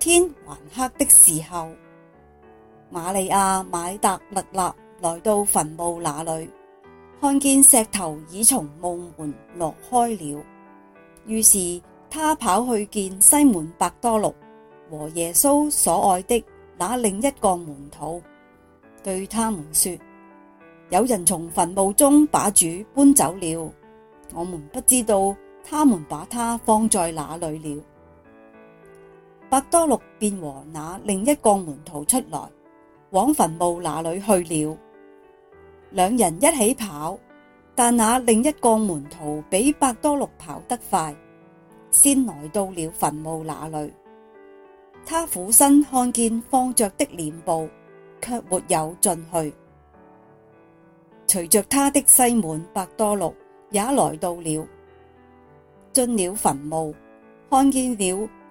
天還黑的時候，瑪利亞瑪達肋納來到墳墓那裏，看見石頭已從墓門挪開了，於是他跑去見西滿伯多祿和耶穌所愛的那另一個門徒，對他們說：有人從墳墓中把主搬走了，我們不知道他們把他放在哪裏了。伯多祿便和那另一個門徒出來，往墳墓那裏去了。兩人一起跑，但那另一個門徒比伯多祿跑得快，先來到了墳墓那裏。他俯身看見放著的殮布，卻沒有進去。隨着他的西滿，伯多祿也來到了，進了墳墓，看見了。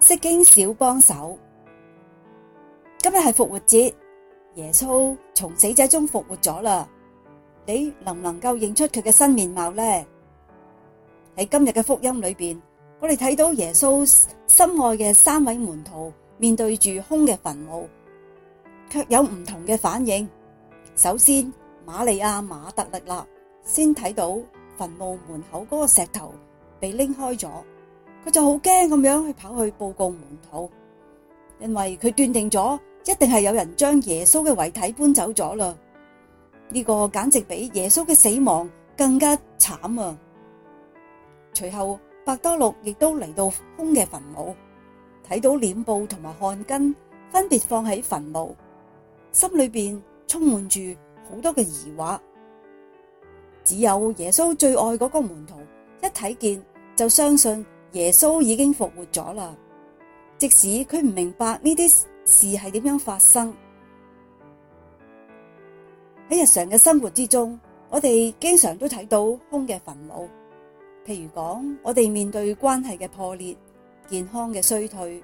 釋經小幫手，今日係復活節，耶穌從死者中復活咗啦。你能唔能夠認出佢嘅新面貌咧？喺今日嘅福音裏邊，我哋睇到耶穌心愛嘅三位門徒面對住空嘅墳墓，卻有唔同嘅反應。首先，瑪利亞瑪達肋納先睇到墳墓門口嗰個石頭被拎開咗。佢就好驚咁樣去跑去報告門徒，因為佢斷定咗一定係有人將耶穌嘅遺體搬走咗啦。呢個簡直比耶穌嘅死亡更加慘啊！隨後，伯多祿亦都嚟到空嘅墳墓，睇到殮布同埋汗巾分別放喺墳墓，心裏邊充滿住好多嘅疑惑。只有耶穌最愛嗰個門徒一睇見就相信。耶穌已經復活咗啦，即使佢唔明白呢啲事係點樣發生。喺日常嘅生活之中，我哋經常都睇到空嘅墳墓，譬如講，我哋面對關係嘅破裂、健康嘅衰退、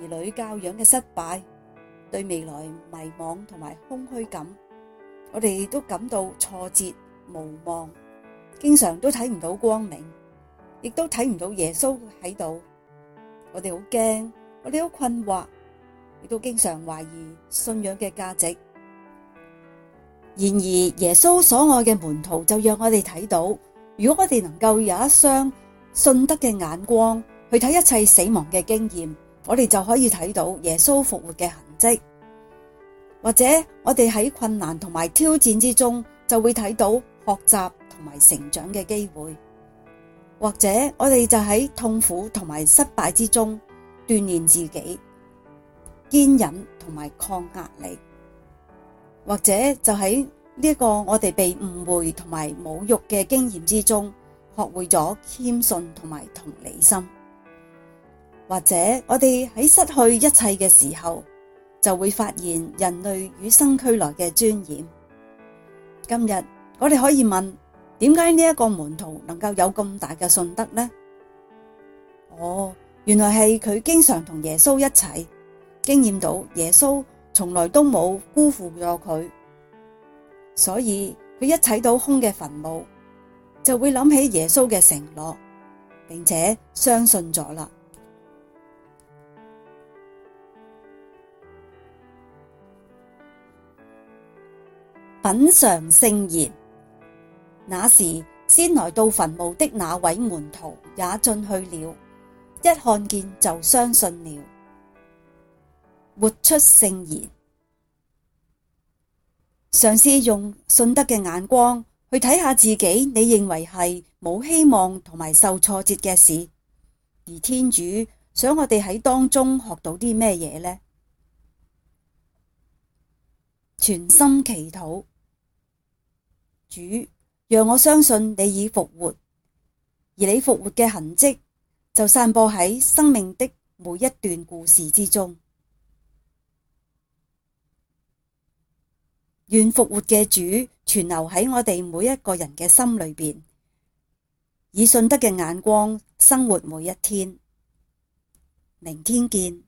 兒女教養嘅失敗、對未來迷茫同埋空虛感，我哋都感到挫折、無望，經常都睇唔到光明。亦都睇唔到耶穌喺度，我哋好驚，我哋好困惑，亦都經常懷疑信仰嘅價值。然而耶穌所愛嘅門徒就讓我哋睇到，如果我哋能夠有一雙信德嘅眼光去睇一切死亡嘅經驗，我哋就可以睇到耶穌復活嘅痕跡。或者我哋喺困難同埋挑戰之中，就會睇到學習同埋成長嘅機會。或者我哋就喺痛苦同埋失敗之中鍛煉自己堅忍同埋抗壓力，或者就喺呢個我哋被誤會同埋侮辱嘅經驗之中，學會咗謙遜同埋同理心。或者我哋喺失去一切嘅時候，就會發現人類與生俱來嘅尊嚴。今日我哋可以問，點解呢一個門徒能夠有咁大嘅信德呢？哦，原來係佢經常同耶穌一齊，經驗到耶穌從來都冇辜負過佢，所以佢一睇到空嘅墳墓，就會諗起耶穌嘅承諾，並且相信咗啦。品嘗聖言。那時先來到墳墓的那位門徒也進去了，一看見就相信了，活出聖言。嘗試用信德嘅眼光去睇下自己，你認為係冇希望同埋受挫折嘅事，而天主想我哋喺當中學到啲咩嘢呢？全心祈禱，主。讓我相信你已復活，而你復活嘅痕跡就散播喺生命的每一段故事之中。願復活嘅主存留喺我哋每一個人嘅心裏面，以信德嘅眼光生活每一天。明天見。